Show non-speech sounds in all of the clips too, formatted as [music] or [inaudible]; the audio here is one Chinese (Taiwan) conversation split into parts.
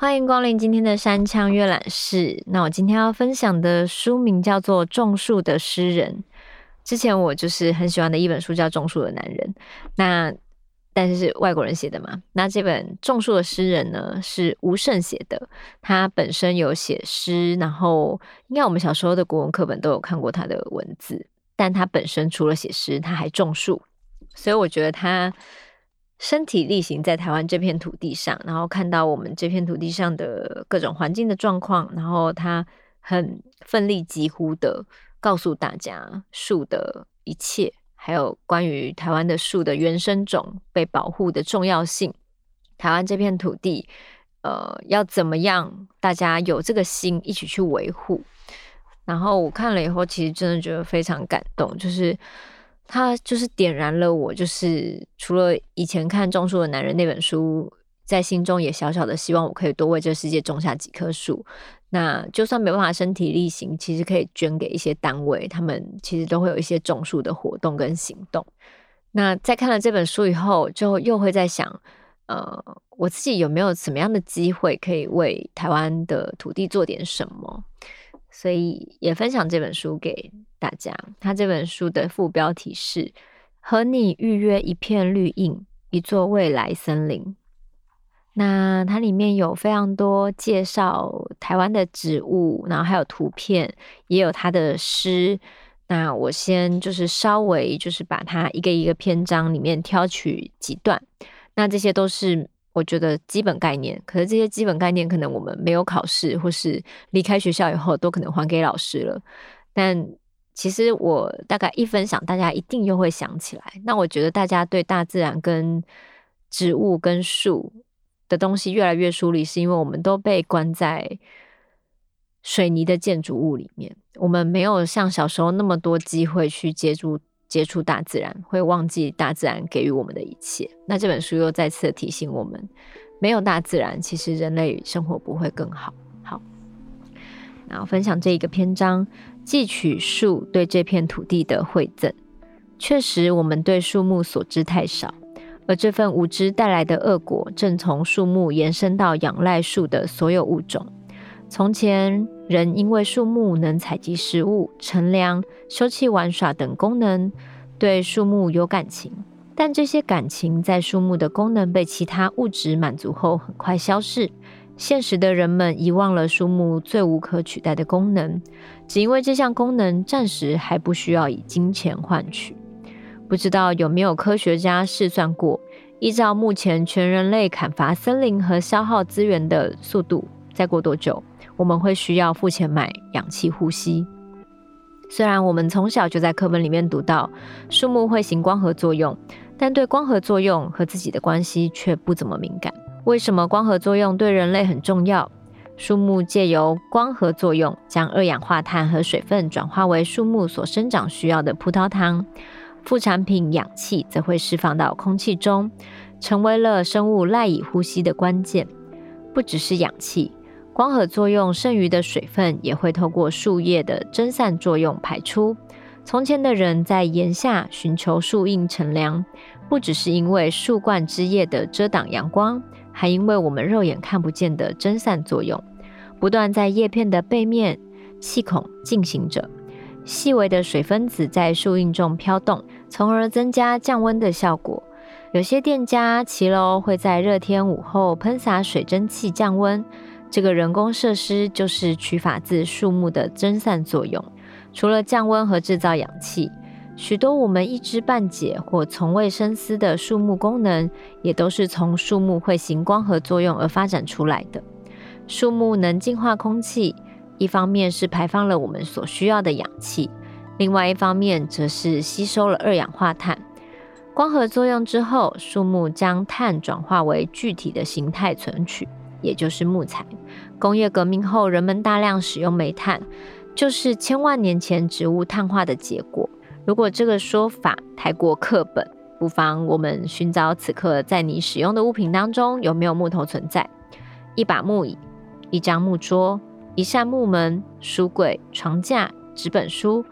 歡迎光臨今天的山羌閱覽室。那我今天要分享的書名叫做《種樹的詩人》。之前我就是很喜歡的一本書，叫《種樹的男人》。那但是是外國人寫的嘛？那這本《種樹的詩人》呢，是吳晟寫的。他本身有寫詩，然後應該我們小時候的國文課本都有看過他的文字。但他本身除了寫詩，他還種樹，所以我覺得他身體力行在台灣這片土地上，然後看到我們這片土地上的各種環境的狀況，然後他很奮力疾呼的告訴大家樹的一切。還有關於台灣的樹的原生種被保護的重要性，台灣這片土地，呃，要怎麼樣大家有這個心一起去維護？然後我看了以後，其實真的覺得非常感動，就是他就是點燃了我，就是除了以前看《種樹的男人》那本書，在心中也小小的希望，我可以多為這個世界種下幾棵樹。那就算沒辦法身體力行，其實可以捐給一些單位，他們其實都會有一些種樹的活動跟行動。那在看了這本書以後，就又會在想，呃，我自己有沒有什麼樣的機會可以為台灣的土地做點什麼？所以也分享這本書給大家。它這本書的副標題是“和你預約一片綠蔭，一座未來森林”。那它裡面有非常多介紹台灣的植物，然後還有圖片，也有他的詩。那我先就是稍微就是把它一個一個篇章裡面挑取幾段。那這些都是我覺得基本概念，可是這些基本概念可能我們沒有考試，或是離開學校以後都可能還給老師了。但其實我大概一分享，大家一定又會想起來。那我覺得大家對大自然、跟植物跟、跟樹。的東西越來越疏離，是因為我們都被關在水泥的建築物裡面，我們沒有像小時候那麼多機會去接觸接觸大自然，會忘記大自然給予我們的一切。那這本書又再次提醒我們，沒有大自然，其實人類生活不會更好。好，然後分享這一個篇章：汲取樹對這片土地的饋贈。確實，我們對樹木所知太少。而這份無知帶來的惡果，正從樹木延伸到仰賴樹的所有物種。從前，人因為樹木能採集食物、乘涼、休憩、玩耍等功能，對樹木有感情。但這些感情在樹木的功能被其他物質滿足後，很快消逝。現實的人們遺忘了樹木最無可取代的功能，只因為這項功能暫時還不需要以金錢換取。不知道有沒有科學家試算過？依照目前全人類砍伐森林和消耗資源的速度，再過多久我們會需要付錢買氧氣呼吸？雖然我們從小就在課本裡面讀到樹木會行光合作用，但對光合作用和自己的關係卻不怎麼敏感。為什麼光合作用對人類很重要？樹木借由光合作用將二氧化碳和水分轉化為樹木所生長需要的葡萄糖。副產品氧氣則會釋放到空氣中，成為了生物賴以呼吸的關鍵。不只是氧氣，光合作用剩餘的水分也會透過樹葉的蒸散作用排出。從前的人在檐下尋求樹蔭乘涼，不只是因為樹冠枝葉的遮擋陽光，還因為我們肉眼看不見的蒸散作用，不斷在葉片的背面氣孔進行着，細微的水分子在樹蔭中飄動，從而增加降溫的效果。有些店家騎樓會在熱天午後噴灑水蒸氣降溫，這個人工設施就是取法自樹木的蒸散作用。除了降溫和製造氧氣，許多我們一知半解或從未深思的樹木功能，也都是從樹木會行光合作用而發展出來的。樹木能淨化空氣，一方面是排放了我們所需要的氧氣。另外一方面，則是吸收了二氧化碳，光合作用之後，樹木將碳轉化為具體的形態存取，也就是木材。工業革命後，人們大量使用煤炭，就是千萬年前植物碳化的結果。如果這個說法太過課本，不妨我們尋找此刻在你使用的物品當中有沒有木頭存在：一把木椅、一張木桌、一扇木門、書櫃、床架、紙本書。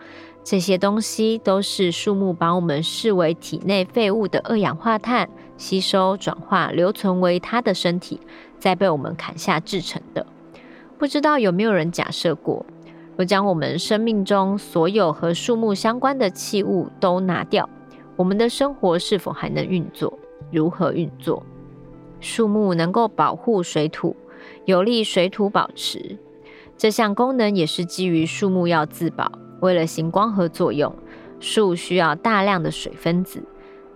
這些東西都是樹木把我們視為體內廢物的二氧化碳吸收、轉化、留存為它的身體，再被我們砍下制成的。不知道有沒有人假設過，若將我們生命中所有和樹木相關的器物都拿掉，我們的生活是否還能運作？如何運作？樹木能夠保護水土，有利水土保持。這項功能也是基於樹木要自保。為了行光合作用，樹需要大量的水分子，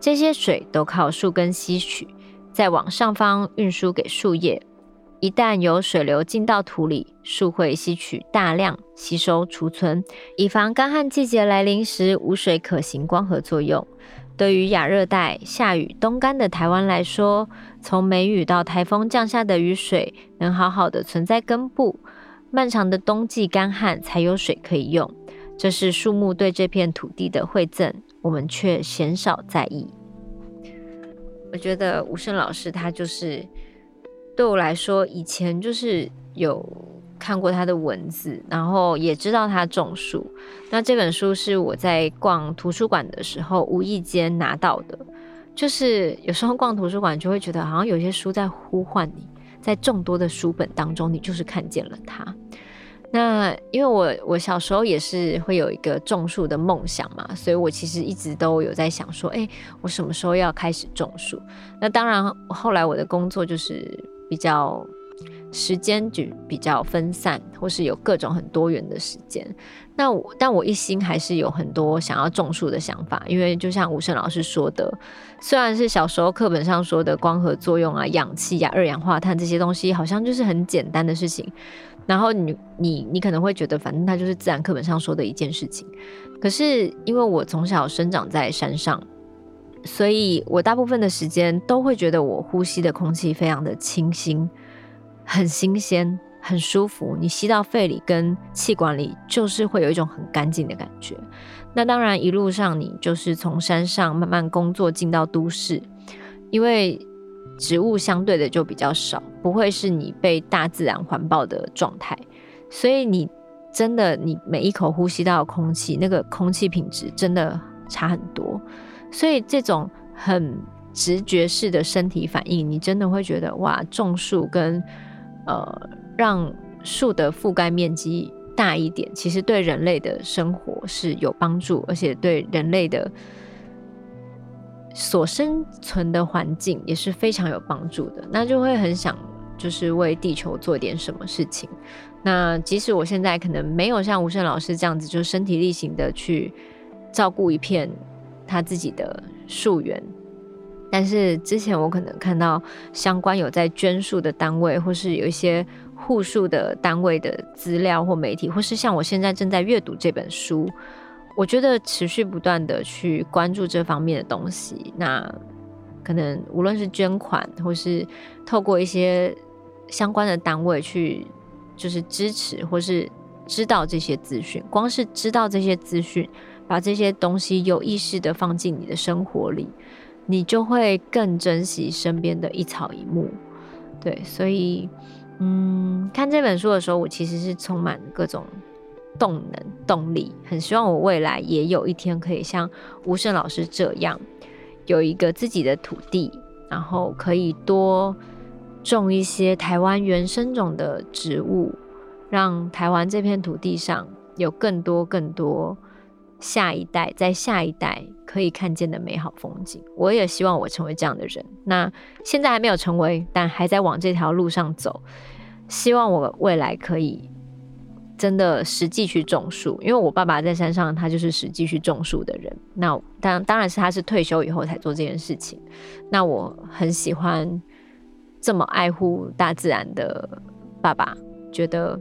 這些水都靠樹根吸取，再往上方運輸給樹葉。一旦有水流進到土裡，樹會吸取大量吸收儲存，以防乾旱季節來臨時無水可行光合作用。對於亞熱帶夏雨冬乾的台灣來說，從梅雨到颱風降下的雨水能好好的存在根部，漫長的冬季乾旱才有水可以用。這是樹木對這片土地的饋贈，我們卻鮮少在意。我覺得吳晟老師他就是對我來說，以前就是有看過他的文字，然後也知道他種樹。那這本書是我在逛圖書館的時候無意間拿到的，就是有時候逛圖書館就會覺得好像有些書在呼喚你，在眾多的書本當中，你就是看見了他。那因為我我小時候也是會有一個種樹的夢想嘛，所以我其實一直都有在想說，哎、欸，我什麼時候要開始種樹？那當然，後來我的工作就是比較時間就比較分散，或是有各種很多元的時間。那我但我一心還是有很多想要種樹的想法，因為就像吳晟老師說的，雖然是小時候課本上說的光合作用啊、氧氣呀、啊、二氧化碳這些東西，好像就是很簡單的事情。然後你你你可能會覺得，反正它就是自然課本上說的一件事情。可是因為我從小生長在山上，所以我大部分的時間都會覺得我呼吸的空氣非常的清新，很新鮮，很舒服。你吸到肺裡跟氣管裡，就是會有一種很乾淨的感覺。那當然，一路上你就是從山上慢慢工作進到都市，因為植物相對的就比較少，不會是你被大自然環抱的狀態，所以你真的你每一口呼吸到空氣，那個空氣品質真的差很多。所以這種很直覺式的身體反應，你真的會覺得哇，種樹跟呃讓樹的覆蓋面積大一點，其實對人類的生活是有幫助，而且對人類的所生存的環境也是非常有幫助的，那就會很想就是為地球做點什麼事情。那即使我現在可能沒有像吳晟老師這樣子，就身體力行的去照顧一片他自己的樹園，但是之前我可能看到相關有在捐樹的單位，或是有一些護樹的單位的資料或媒體，或是像我現在正在閱讀這本書。我覺得持續不斷的去關注這方面的東西，那可能無論是捐款，或是透過一些相關的單位去，就是支持，或是知道這些資訊。光是知道這些資訊，把這些東西有意識的放進你的生活裡，你就會更珍惜身邊的一草一木。對，所以，嗯，看這本書的時候，我其實是充滿各種動能動力，很希望我未來也有一天可以像吳晟老師這樣，有一個自己的土地，然後可以多種一些台灣原生種的植物，讓台灣這片土地上有更多更多下一代，在下一代可以看見的美好風景。我也希望我成為這樣的人。那現在還沒有成為，但還在往這條路上走。希望我未來可以。真的實際去種樹，因為我爸爸在山上，他就是實際去種樹的人。那當當然是他是退休以後才做這件事情。那我很喜歡這麼愛護大自然的爸爸，覺得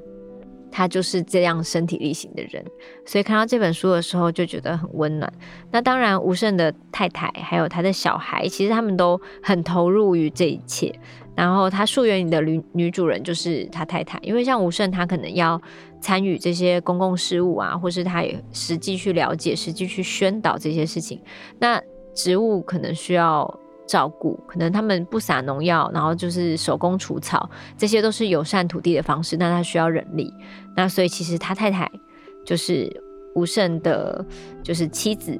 他就是這樣身體力行的人。所以看到這本書的時候，就覺得很溫暖。那當然吳晟的太太還有他的小孩，其實他們都很投入於這一切。然後他樹園裡的女女主人就是他太太，因為像吳晟他可能要參與這些公共事務啊，或是他也實際去了解、實際去宣導這些事情。那植物可能需要照顧，可能他們不撒農藥，然後就是手工除草，這些都是友善土地的方式。那他需要人力，那所以其實他太太就是吳晟的，就是妻子。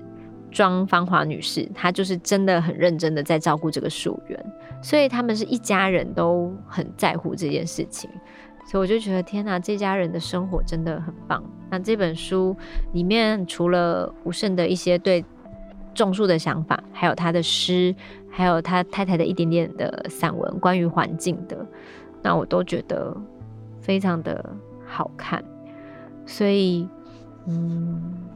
莊芳華女士，她就是真的很認真的在照顧這個樹園，所以他們是一家人，都很在乎這件事情，所以我就覺得天哪、啊，這家人的生活真的很棒。那這本書裡面除了吳晟的一些對種樹的想法，還有他的詩，還有他太太的一點點的散文關於環境的，那我都覺得非常的好看，所以，嗯。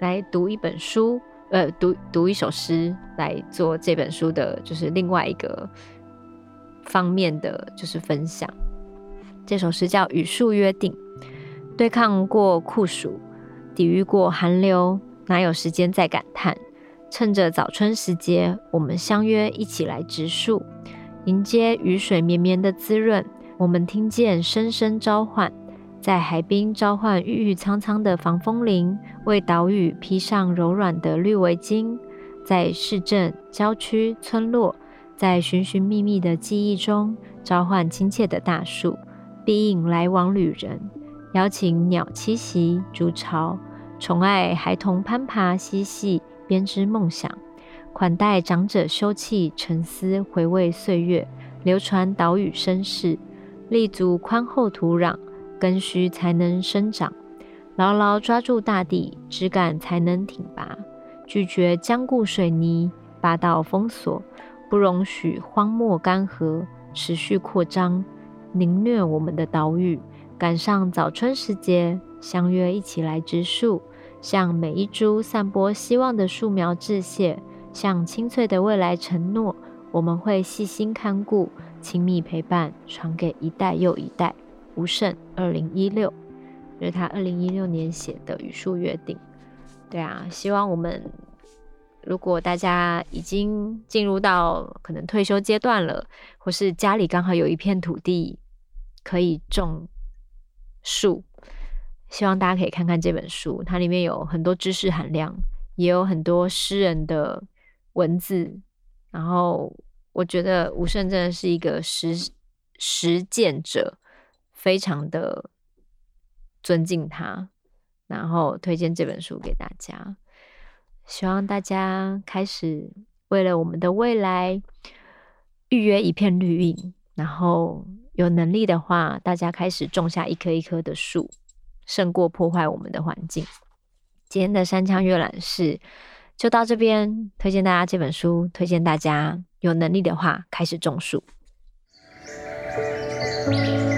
來讀一本書，呃，讀讀一首詩，來做這本書的就是另外一個方面的就是分享。這首詩叫《與樹約定》，對抗過酷暑，抵禦過寒流，哪有時間再感嘆？趁着早春時節，我們相約一起來植樹，迎接雨水綿綿的滋潤。我們聽見聲聲召喚。在海濱召喚鬱鬱蒼蒼的防風林，為島嶼披上柔軟的綠圍巾；在市鎮、郊區、村落，在尋尋覓覓的記憶中召喚親切的大樹，庇蔭來往旅人，邀請鳥棲息築巢，寵愛孩童攀爬嬉戲，編織夢想，款待長者休憩沉思，回味歲月，流傳島嶼身世，立足寬厚土壤。根鬚才能生長，牢牢抓住大地；枝幹才能挺拔，拒絕僵固水泥、霸道封鎖，不容許荒漠乾涸持續擴張，凌虐我們的島嶼。趕上早春時節，相約一起來植樹，向每一株散播希望的樹苗致謝，向清脆的未來承諾：我們會細心看顧，親密陪伴，傳給一代又一代。吳晟二零一六，這是他二零一六年寫的《與樹約定》。對啊，希望我們如果大家已經進入到可能退休階段了，或是家裡剛好有一片土地可以種樹，希望大家可以看看這本書。它裡面有很多知識含量，也有很多詩人的文字。然後我覺得吳晟真的是一個實實踐者。非常的尊敬他，然後推薦這本書給大家。希望大家開始為了我們的未來預約一片綠蔭，然後有能力的話，大家開始種下一棵一棵的樹，勝過破壞我們的環境。今天的山羌閱覽室就到這邊，推薦大家這本書，推薦大家有能力的話開始種樹。 [noise]